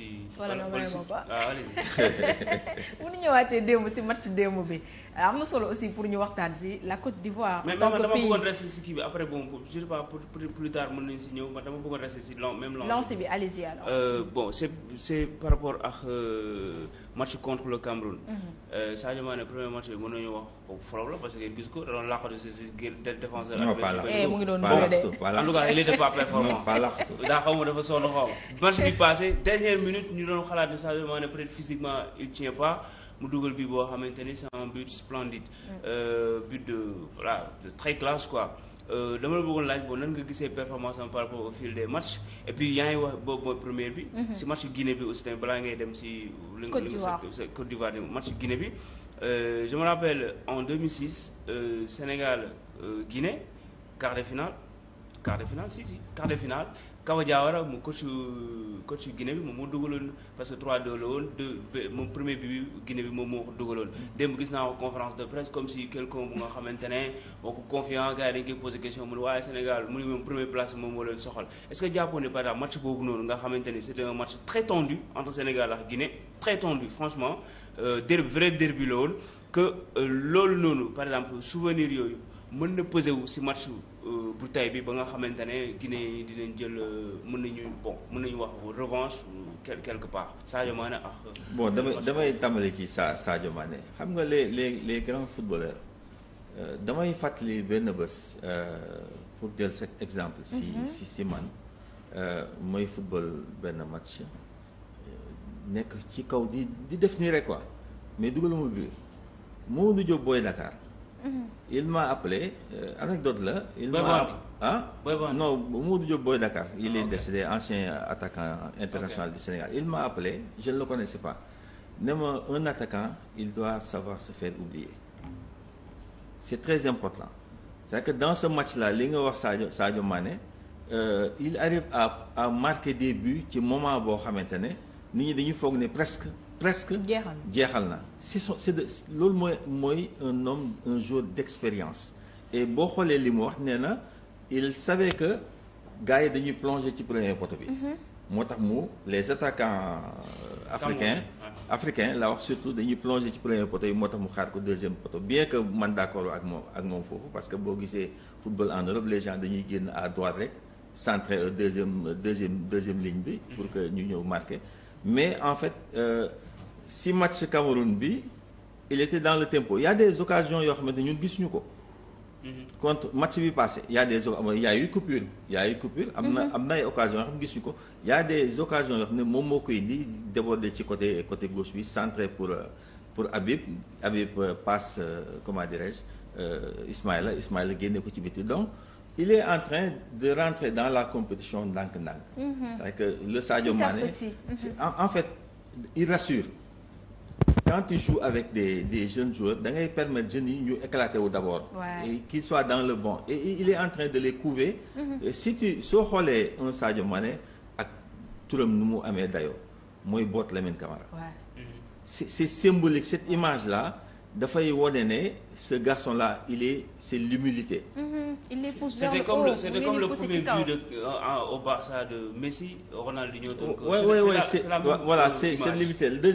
si. wala nga mayoo ma waaw ah, bu ñu ñëwaatee démb si match démb bi am na solo aussi pour ñu waxtaan si la Côte d'Ivoire. en tant que pays mais dama bëggoon rester si kii bi après bon je sais pas plus tard mën nañu si ñëw ma dama bëggoon rester si long même. lancé bi allez-y euh, bon c' est par rapport ak euh, match contre le Cameroun. Mhm. Euh, Sadio Mané premier match bi nañu wax flop la parce que gis ko da doon laqatu si si défenseur. non pas eh, mu ngi doon nuyu de. en tout cas il était pas minutes ñu doon xalaat ne Sadio Mané peut être physiquement il tient pas mu dugal bi boo xamante ni c'est un but splendide mm. euh, but de voilà très classe quoi euh, dama la bëggoon laaj boo nan nga gisee performance am par rapport au fil des matchs et yaa ngi wax boobu mooy première bi. Mm-hmm. si match Guinée bi aussi tamit balaa ngay dem si. Côte d'Ivoire Côte d'Ivoire match Guinée bi. Euh, je me rappelle en 2006 Sénégal Guinée quart de finale. quart de finale si si quart de finale Kawa Diawara mu coach euh, coach Guinée bi moom moo dugaloon parce que 3-2 la woon deux moom premier bi Guinée bi moom moo ko dugaloon. démb gis naa conférence de presse comme si quelqu'un bu nga xamante ne boo ko confiant gars yi dañ koy question mu waaye Sénégal mu ne moom premier place bi moom moo leen soxal est-ce que jàppoon ne par exemple match boobu noonu nga xamante ne c'était un match très tendu entre Sénégal ak Guinée euh, que euh, loolu noonu par exemple souvenir yooyu. mën na peser wu si match euh, bu tey bi ba nga xamante ne Guinée dinañ jël euh, mën nañu bon mën nañu wax revanche quelque part Sadio Mané ak. Euh, bon damay damay tàmbali ci saa Sadio Mané xam nga les les les grands footballeurs damay fàttali benn bés pour jël cet exemple. si mhm. si si man mooy football benn match nekk ci kaw di di def nii rek quoi mais dugaluma biir Mamadou Diop booy Dakar. Mm-hmm. il m'a appelé euh, anecdote là il m'a ah non Modou Diop Boy Dakar il ah, est okay. décédé ancien attaquant international okay. du Sénégal il m'a appelé je ne le connaissais pas ne un attaquant il doit savoir se faire oublier c'est très important cest que dans ce match là li nga wax Sadio Sadio Mané euh, il arrive à marquer des ci moment boo xamante ne nit ñi dañuy foog ne presque presque jeexal na c'est son c'est de loolu mooy mooy un homme un jour d'expérience et boo xoolee li mu wax nee na il savait que gars yi dañuy plonger ci premier poteau bi mhm. moo tax mu les attaquants euh, africains africains la wax surtout dañuy plonger ci premier poteau yi mu xaar ko deuxième poteau bien que man d'accord ak moom ak moom foofu parce que boo gisee football en Europe les gens dañuy génn à droite rek centré euh, deuxième deuxième deuxième ligne bi pour que ñu ñëw marqué mais en fait euh, si match Cameroun bi il était dans le tempo il y a des occasions yoo xamante ñun gisuñu ko. Mhm. contre match bi passé y a des y a eu y a eu coupure. am na mhm. am na ay occasions yoo xam ko y des occasions yoo xam ne moom moo koy di déborder ci côté côté gauche bi centré pour euh, pour Habib Habib euh, passe euh, comment dirais-je Ismaïla la génne ko ci biti donc. il est en train de rentrer dans la compétition ndànk-ndànk. Mhm. c'est-à-dire que le Sadio Mané. Mhm. en fait il rassure. quand tu joues avec des des jeunes joueurs da ngay permettre jeunes yi ñu éclater wu d'abord. Ouais. et qu'ils soient dans le bon et il est en train de les couver. Mhm. Et si tu soo xoolee un Sadio Mané ak turam nu mu amee dayoo mooy boot Lamine Camara. c'est c'est symbolique cette image là. dafay wone ne ce garçon là il est c'est l'humilité mm-hmm. c'était comme le comme le premier but de euh, au Barça de Messi Ronaldinho donc ouais, ouais, c'est la, la voilà c'est l'humilité